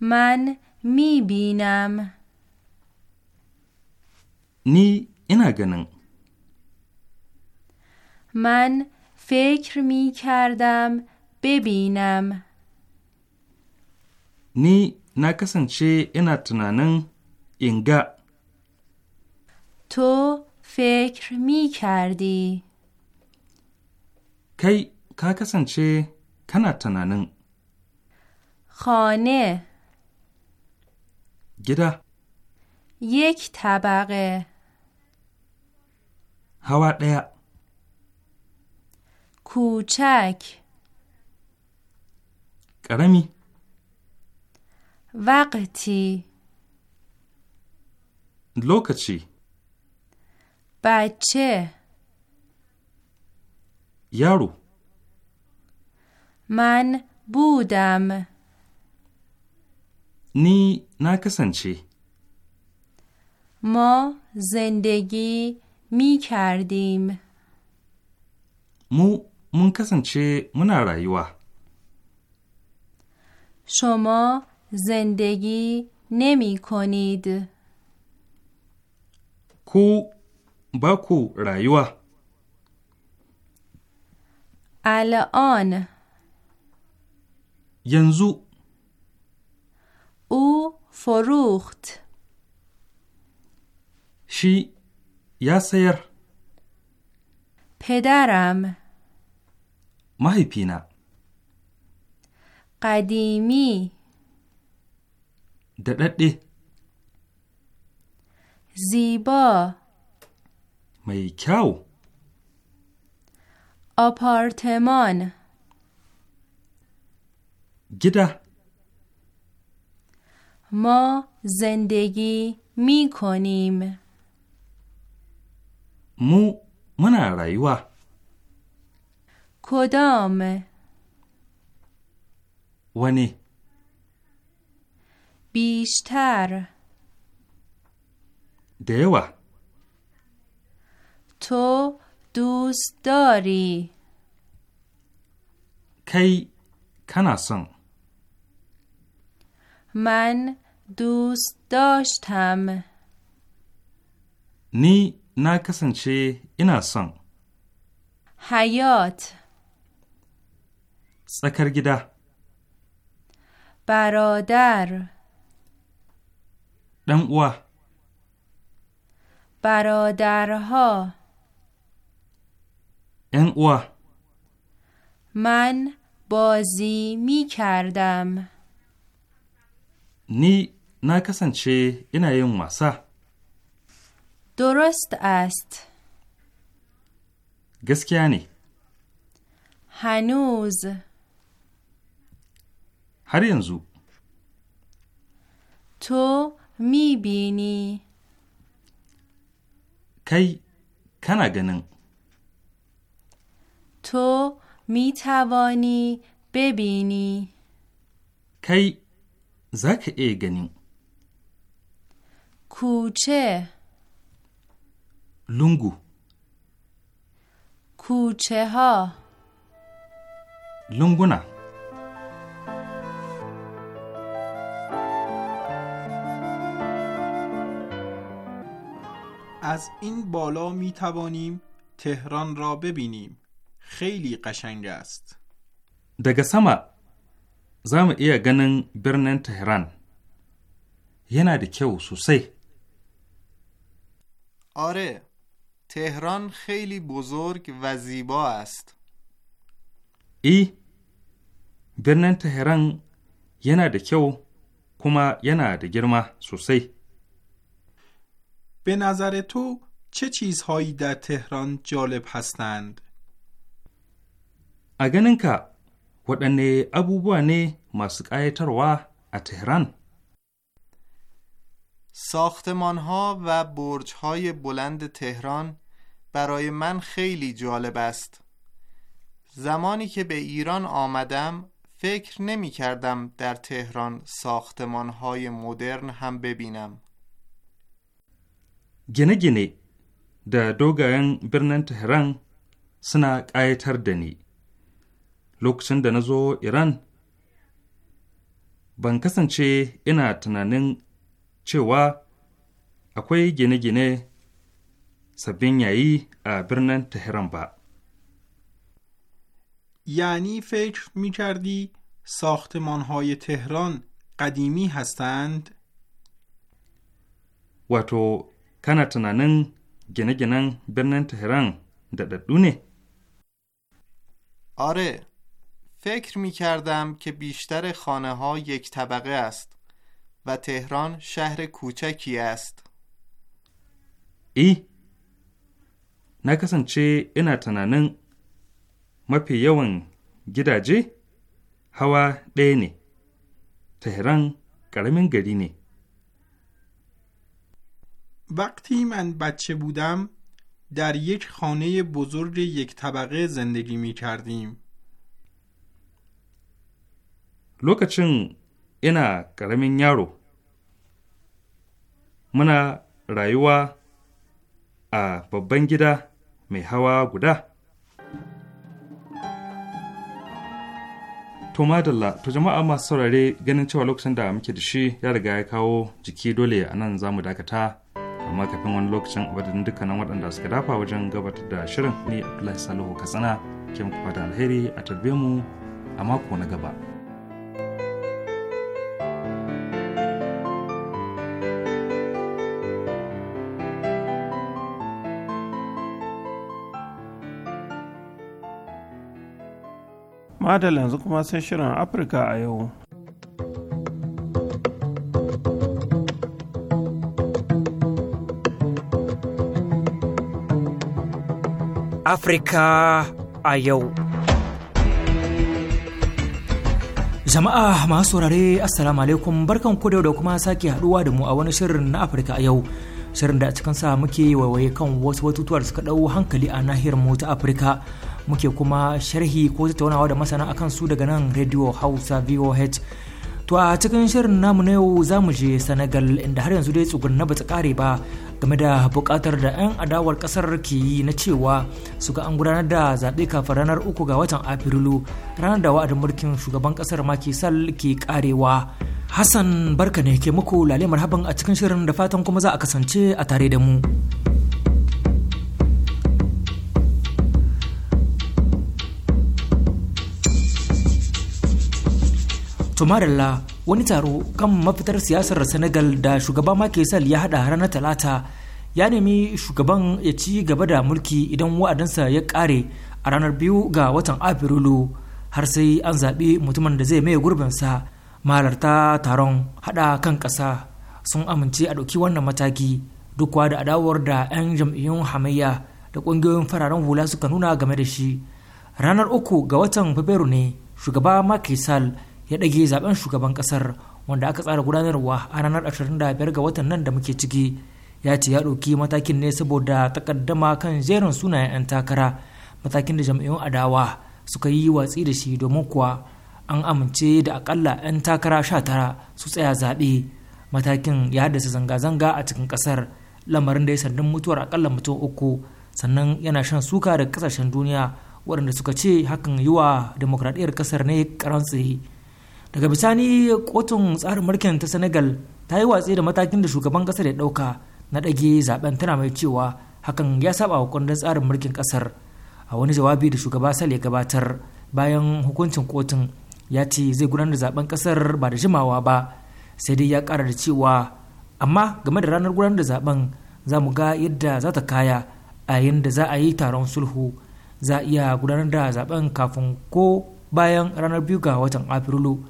man mi binam ni ina ganin man فکر می کردم ببینم نی نکسن چه اینا تنانن اینگا تو فکر می کردی کی که کسن چه کنا تنانن خانه گدا یک طبقه هوا دیا کوچک کرمی وقتی لوکچی بچه یارو من بودم نی نکسنچی ما زندگی می کردیم مو من چه من رایوه شما زندگی نمی کنید کو با کو رایوا الان ینزو او فروخت شی یا سیر پدرم پینا قدیمی دردی زیبا میکاو آپارتمان گدا ما زندگی می کنیم مو من رایوه کدام ونی بیشتر دیوه تو دوست داری کی کناسن من دوست داشتم نی چی ایناسن حیات سکرگیده برادر ɗan برادرها ‘yan من بازی می کردم نی چه این این wasa درست است گسکیانی. هنوز har yanzu. To, mi ni? Kai, kana ganin. To, mi tawoni ni? Kai, za ka iya ganin. Ku ce. Lungu. Ku ce ha. Lunguna. از این بالا می توانیم تهران را ببینیم خیلی قشنگ است daga sama za mu iya ganin birnin Tehran yana da kyau sosai آره تهران خیلی بزرگ و زیبا است ای birnin Tehran yana da kyau kuma yana da girma sosai به نظر تو چه چیزهایی در تهران جالب هستند؟ اگر نکا، waɗanne abubuwa ne masu ƙayatarwa ساختمان ها و برج های بلند تهران برای من خیلی جالب است. زمانی که به ایران آمدم فکر نمی کردم در تهران ساختمان های مدرن هم ببینم. Gine-gine da dogayen birnin Tehran suna ƙayatar da ni. Lokacin da na zo Iran, ban kasance ina tunanin cewa akwai gine-gine sabbin yayi a birnin Tehran ba. یعنی فکر می کردی ساختمان های تهران قدیمی هستند؟ و تو کانا تنانن گنه گنه تهران در دونه. آره. فکر می کردم که بیشتر خانه ها یک طبقه است و تهران شهر کوچکی است. ای. نکسن چه انا تنانن ما یوان گیراجه هوا دینی تهران گرمین گرینی. وقتی من بچه بودم در یک خانه بزرگ یک طبقه زندگی می کردیم. لوکچن اینا کرمین یارو منا رایوا ا بابن گیدا می هوا گودا To madalla, to jama'a masu saurare ganin cewa lokacin da muke da shi ya riga ya kawo jiki dole a nan za mu dakata amma kafin wani lokacin abadin dukkanin waɗanda suka dafa wajen gabatar da shirin ne abdullahi salihu katsina ke muku fata alheri a tarbe mu a mako na gaba. Madalla yanzu kuma sai shirin Afirka a yau. Afirka a yau. Jama'a masu saurare Assalamu alaikum barkan ku da kuma sake haduwa da mu a wani shirin na Afirka a yau. Shirin da a cikin sa muke waiwaye kan wasu batutuwar suka dau hankali a nahiyar mu ta Afirka. Muke kuma sharhi ko tattaunawa da masana akan su daga nan Radio Hausa VOH. To a cikin shirin namu na yau za mu je Senegal inda har yanzu dai tsugunna ba bata kare ba game da buƙatar da 'yan adawar ƙasar ke yi na cewa su ga an gudanar da zaɓe kafin ranar uku ga watan afrilu ranar da wa'adin mulkin shugaban kasar Macky Sall ke karewa hassan barka ne ke muku lale haban a cikin shirin da fatan kuma za a kasance a tare da mu tumarilla wani taro kan mafitar siyasar senegal da shugaba Macky Sall ya hada ranar talata ya nemi shugaban ya ci gaba da mulki idan wa'adansa ya kare a ranar biyu ga watan afrilu har sai an zaɓi mutumin da zai maye gurbinsa Malarta taron hada kan ƙasa sun amince a ɗauki wannan mataki duk da adawar da 'yan jam'iyyun hamayya da ƙungiyoyin fararen hula suka nuna game da shi ranar uku ga watan fabrairu ne shugaba Macky ya ɗage zaben shugaban ƙasar wanda aka tsara gudanarwa a ranar 25 ga watan nan da muke ciki ya ce ya ɗauki matakin ne saboda takaddama kan jerin sunayen 'yan takara matakin da jam'iyyun adawa suka yi watsi da shi domin kuwa an amince da akalla 'yan takara 19 su tsaya zaɓe matakin ya haddasa zanga-zanga a cikin ƙasar lamarin da ya sandan mutuwar akalla mutum uku sannan yana shan suka daga kasashen duniya waɗanda suka ce hakan yiwa wa demokradiyyar ƙasar ne karantsi daga bisani kotun tsarin mulkin ta senegal ta yi watsi da matakin da shugaban kasar ya dauka na ɗage zaben tana mai cewa hakan ya saba wa kundin tsarin mulkin kasar a wani jawabi da shugaba sal ya gabatar bayan hukuncin kotun ya ce zai gudanar da zaben kasar ba da jimawa ba sai dai ya kara da cewa amma game da ranar gudanar da zaben za mu ga yadda za ta kaya a yayin da za a yi taron sulhu za a iya gudanar da zaben kafin ko bayan ranar biyu ga watan afrilu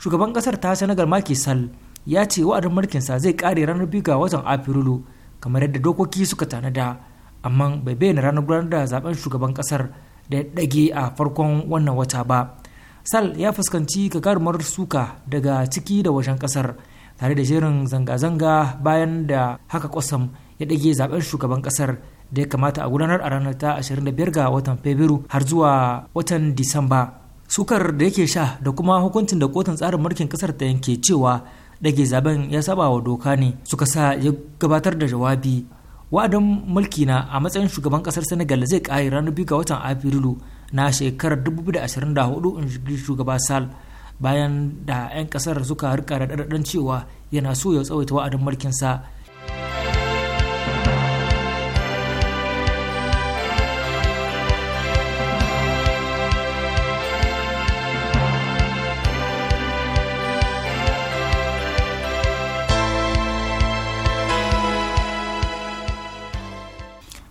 shugaban kasar ta senegal maki sal ya ce wa'adin sa zai kare ranar biyu ga watan afrilu kamar yadda dokoki suka tanada amma bai bayyana ranar gudanar da zaben shugaban kasar da ya dage a farkon wannan wata ba sal ya fuskanci gagarumar suka daga ciki da wajen kasar tare da jerin zanga-zanga bayan da haka kwasam ya dage zaben shugaban kasar da ya kamata a gudanar a ranar ta 25 ga watan fabrairu har zuwa watan disamba sukar da yake sha da kuma hukuncin da kotun tsarin mulkin kasar ta yanke cewa dage zaben ya saba wa doka ne suka sa ya gabatar da jawabi wa'adin mulki na a matsayin shugaban kasar senegal zai kare ranar biyu ga watan afrilu na shekarar 2024 in shugaba sal bayan da 'yan kasar suka rika da cewa yana so ya tsawaita wa'adin mulkinsa. sa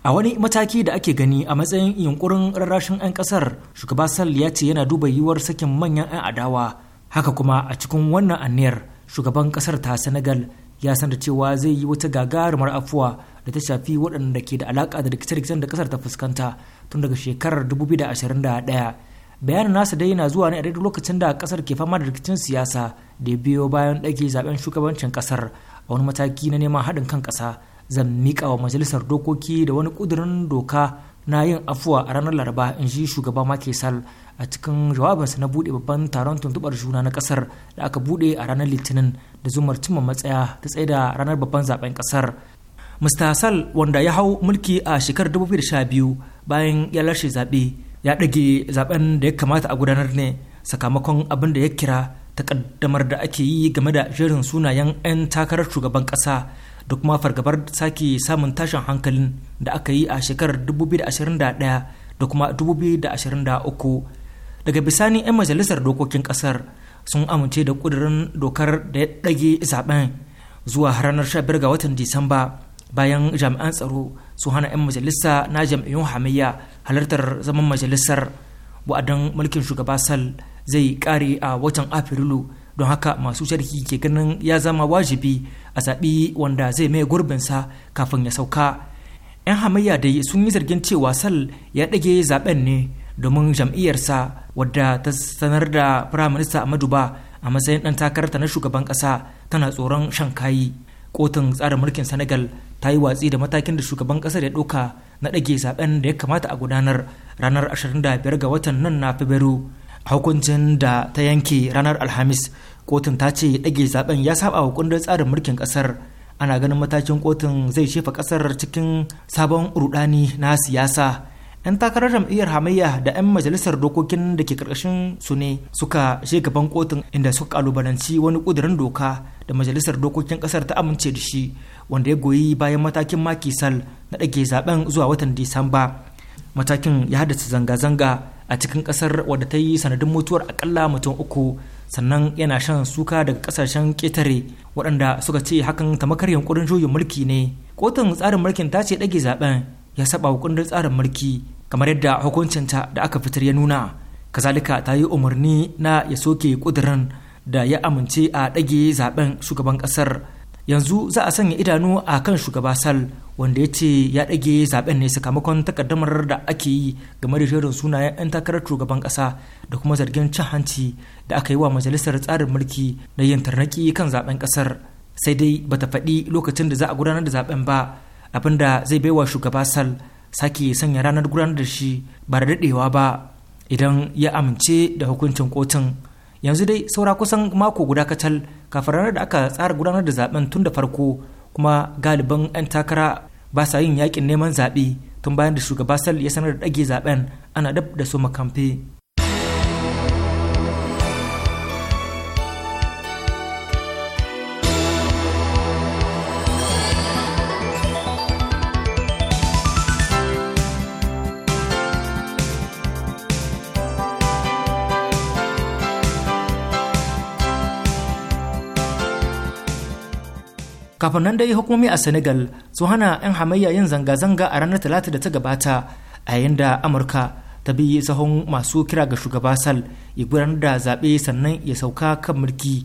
a wani mataki da ake gani a matsayin yunkurin rarrashin 'yan kasar shugaba sall ya ce yana duba yiwuwar sakin manyan 'yan adawa haka kuma a cikin wannan anniyar shugaban kasar ta senegal ya sanar cewa zai yi wata gagarumar afuwa da ta shafi waɗanda ke da alaƙa da rikice-rikicen da kasar ta fuskanta tun daga shekarar 2021 bayanin nasa dai yana zuwa ne a daidai lokacin da kasar ke fama da rikicin siyasa da biyo bayan ɗage zaben shugabancin kasar a wani mataki na neman haɗin kan ƙasa zan miƙa wa majalisar dokoki da wani ƙudurin doka na yin afuwa a ranar laraba in ji shugaba Macky Sall a cikin jawabinsa na buɗe babban taron tuntubar juna na ƙasar da aka buɗe a ranar litinin da zumar cimma matsaya ta tsaida ranar babban zaben ƙasar Mr. Sal wanda ya hau mulki a shekarar 2012 bayan ya lashe zaɓe ya dage zaben da ya kamata a gudanar ne sakamakon abin da ya kira ta takaddamar da ake yi game da jerin sunayen 'yan takarar shugaban ƙasa da kuma fargabar sake samun tashin hankalin da aka yi a shekarar 2021 da kuma 2023 daga bisani 'yan majalisar dokokin kasar sun amince da kudurin dokar da ya ɗage zaben zuwa ranar 15 ga watan disamba bayan jami'an tsaro su hana 'yan majalisa na jam'iyyun hamayya halartar zaman majalisar wa'adin mulkin shugaba sal zai kare a watan afrilu don haka masu sharki ke ganin ya zama wajibi a zaɓi wanda zai mai gurbinsa kafin ya sauka 'yan hamayya dai sun yi zargin cewa sal ya ɗage zaben ne domin jam'iyyarsa wadda ta sanar da firaminista amadu ba a matsayin ɗan takararta na shugaban ƙasa tana tsoron shan kayi kotun tsarin mulkin senegal ta yi watsi da matakin da shugaban ƙasar ya ɗauka na ɗage zaben da ya kamata a gudanar ranar 25 ga watan nan na fabaru hukuncin da ta yanke ranar alhamis kotun ta ce dage zaben ya saba wa kundin tsarin mulkin ƙasar ana ganin matakin kotun zai shefa ƙasar cikin sabon rudani na siyasa 'yan takarar jam'iyyar hamayya da 'yan majalisar dokokin da ke karkashin su ne suka gaban kotun inda suka kalubalanci wani kudirin doka da majalisar dokokin kasar ta amince da shi wanda ya goyi bayan matakin makisal na dage zaben zuwa watan disamba matakin ya haddasa zanga-zanga a cikin kasar wadda ta yi sanadin mutuwar akalla mutum uku sannan yana shan suka daga kasashen ketare waɗanda suka ce hakan tamakar yankurin juyin mulki ne kotun tsarin mulkin ta ce ɗage zaben ya saba kundin tsarin mulki kamar yadda hukuncin ta da aka fitar ya nuna kazalika ta yi umarni na ya soke kudirin da ya amince a ɗage zaben shugaban ƙasar yanzu za a sanya idanu a kan shugaba sal wanda ya ce ya ɗage zaben ne sakamakon takaddamar da ake yi game da shirin sunayen 'yan takarar shugaban ƙasa da kuma zargin cin hanci da aka yi wa majalisar tsarin mulki na yin tarnaki kan zaben ƙasar sai dai bata faɗi lokacin da za a gudanar da zaben ba abin da zai baiwa shugaba sal sake sanya ranar gudanar da shi ba da daɗewa ba idan ya amince da hukuncin kotun yanzu dai saura kusan mako guda kacal kafin ranar da aka tsara gudanar da zaben tun da farko kuma galibin 'yan takara ba sa yin yakin neman zaɓe tun bayan da shugaba sal ya sanar da ɗage zaɓen ana dab da su makamfe kafin nan dai hukumomi a senegal su hana 'yan hamayya yin zanga-zanga a ranar talata da ta gabata a yayin da amurka ta bi sahun masu kira ga shugaba sal ya gudanar da zaɓe sannan ya sauka kan mulki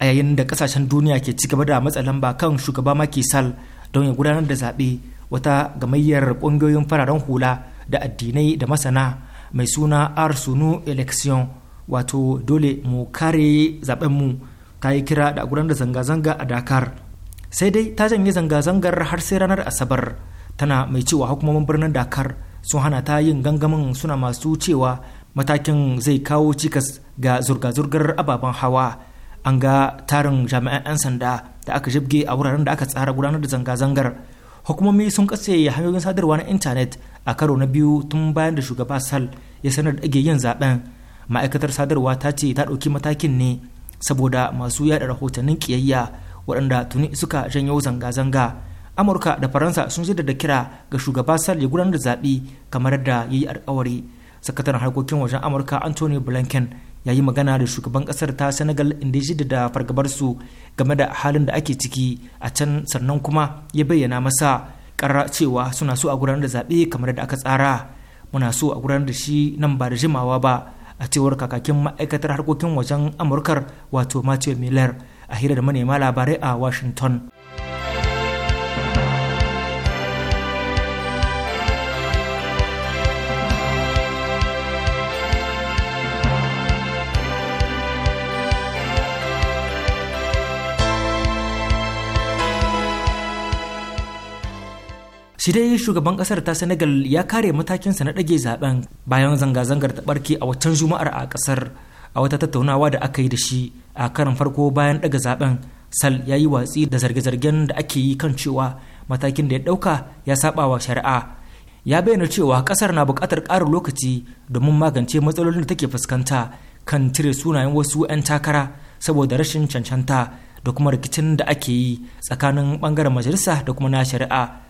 a yayin da kasashen duniya ke ci gaba da matsa lamba kan shugaba maki sal don ya gudanar da zaɓe wata gamayyar ƙungiyoyin fararen hula da addinai da masana mai suna arsunu election wato dole mu kare zaɓenmu ta yi kira da gudanar da zanga-zanga a dakar sai dai ta janye zanga-zangar har sai ranar asabar tana mai cewa hukumomin birnin dakar sun hana ta yin gangamin suna masu cewa matakin zai kawo cikas ga zurga-zurgar ababen hawa an ga tarin jami'an 'yan sanda da aka jibge a wuraren da aka tsara gudanar da zanga-zangar hukumomi sun katse hanyoyin sadarwa na intanet a karo na biyu tun bayan da shugaba sal ya sanar da ake yin zaben ma'aikatar sadarwa ta ce ta ɗauki matakin ne saboda masu yada rahotannin kiyayya waɗanda tuni suka janyo zanga-zanga amurka da faransa sun da kira ga shugaba sal ya gudanar da zaɓe kamar da yayi yi alkawari sakataren harkokin wajen amurka anthony blinken ya yi magana da shugaban ƙasar ta senegal inda ya da fargabarsu game da halin da ake ciki a can sannan kuma ya bayyana masa kara cewa suna so a gudanar da zaɓe kamar da aka tsara muna so a gudanar da shi nan ba da jimawa ba a cewar kakakin ma'aikatar harkokin wajen amurkar wato matthew miller a hira da manema labarai a washington dai shugaban kasar ta senegal ya kare matakinsa na ɗage zaben bayan zanga-zangar ta ɓarke a waccan juma'ar a kasar a wata tattaunawa da aka yi da shi a karan farko bayan daga zaben sal ya yi watsi da zarge-zargen da ake yi kan cewa matakin da ya dauka ya saba shari'a ya bayyana cewa kasar na bukatar ƙarin lokaci domin magance matsalolin da take fuskanta kan cire sunayen wasu 'yan takara saboda rashin cancanta da kuma rikicin da ake yi tsakanin bangaren majalisa da kuma na shari'a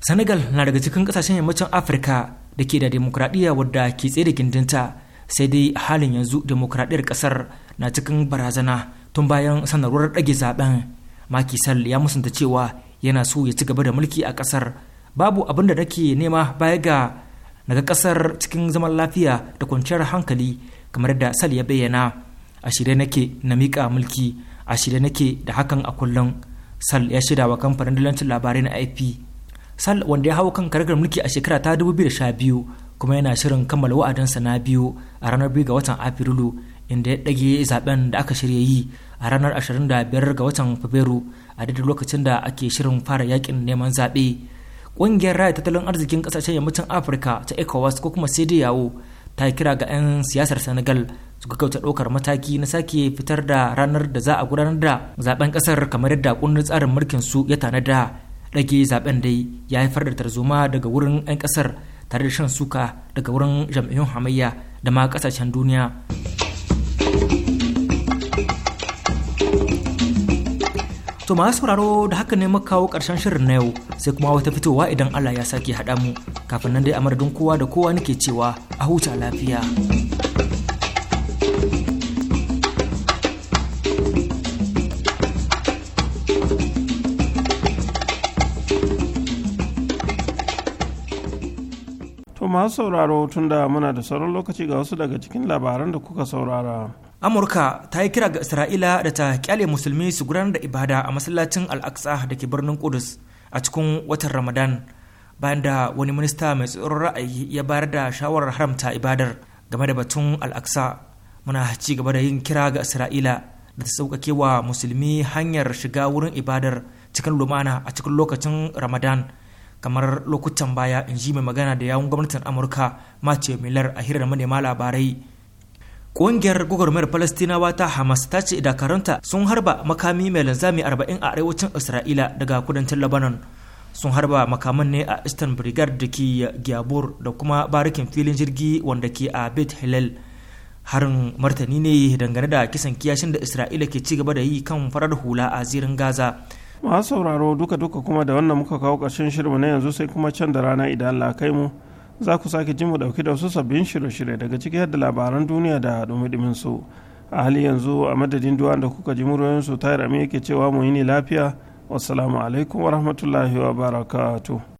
senegal na daga cikin kasashen yammacin afirka da ke da demokradiyya wadda ke tsaye da gindinta sai dai halin yanzu demokradiyyar kasar na cikin barazana tun bayan sanarwar ɗage zaben makisal ya musanta cewa yana so ya ci gaba da mulki a kasar babu abin da nake nema baya ga naga kasar cikin zaman lafiya da kwanciyar hankali kamar da sal ya bayyana a shirye nake na miƙa mulki a shirye nake da hakan a kullum sal ya shirya wa kamfanin dalancin labarai na ip sal wanda ya hau kan karagar mulki a shekara ta 2012 kuma yana shirin kammala wa'adinsa na biyu a ranar 2 ga watan afrilu inda ya ɗage zaben da aka shirya yi a ranar 25 ga watan fabrairu a daidai lokacin da ake shirin fara yakin neman zaɓe ƙungiyar raya tattalin arzikin ƙasashen yammacin afirka ta ecowas ko kuma yawo ta kira ga 'yan siyasar senegal su gaggauta ɗaukar mataki na sake fitar da ranar da za a gudanar da zaben ƙasar kamar yadda kundin tsarin mulkin su ya tanada ɗage zaben dai ya haifar da tarzoma daga wurin 'yan ƙasar tare da shan suka daga wurin jam'iyyun hamayya da ma kasashen duniya to masu sauraro da haka ne kawo karshen shirin na yau sai kuma wata fitowa idan allah ya sake haɗa mu kafin nan dai a kowa da kowa nake cewa a huta lafiya masu sauraro tunda muna da sauran lokaci ga wasu daga cikin labaran da kuka saurara. Amurka ta yi kira ga Isra'ila da ta kyale musulmi su gudanar da ibada a masallacin Al-Aqsa da ke birnin Kudus a cikin watan Ramadan bayan da wani minista mai tsoron ra'ayi ya bayar da shawarar haramta ibadar game da batun Al-Aqsa. Muna ci gaba da yin kira ga Isra'ila da ta sauƙaƙe wa musulmi hanyar shiga wurin ibadar cikin lumana a cikin lokacin Ramadan. kamar lokutan baya in ji mai magana da yawun gwamnatin amurka mace milar a hirar manema labarai ƙungiyar gwagwarmayar falastinawa ta hamas ta ce dakaranta sun harba makami mai linzami 40 a arewacin isra'ila daga kudancin lebanon sun harba makaman ne a eastern brigade da ke gyabur da kuma barikin filin jirgi wanda ke a beit hillel harin martani ne dangane da kisan kiyashin da isra'ila ke ci gaba da yi kan farar hula a zirin gaza ma sauraro duka-duka kuma da wannan muka kawo ƙarshen shirmu na yanzu sai kuma can da rana idan Allah kai mu za ku sake jin mu dauki da wasu sabbin shirye-shirye daga ciki da labaran duniya da dumi su a hali yanzu a madadin duwa da kuka ji muryoyin su tayar yake cewa mu yi ni lafiya wassalamu alaikum wa barakatu.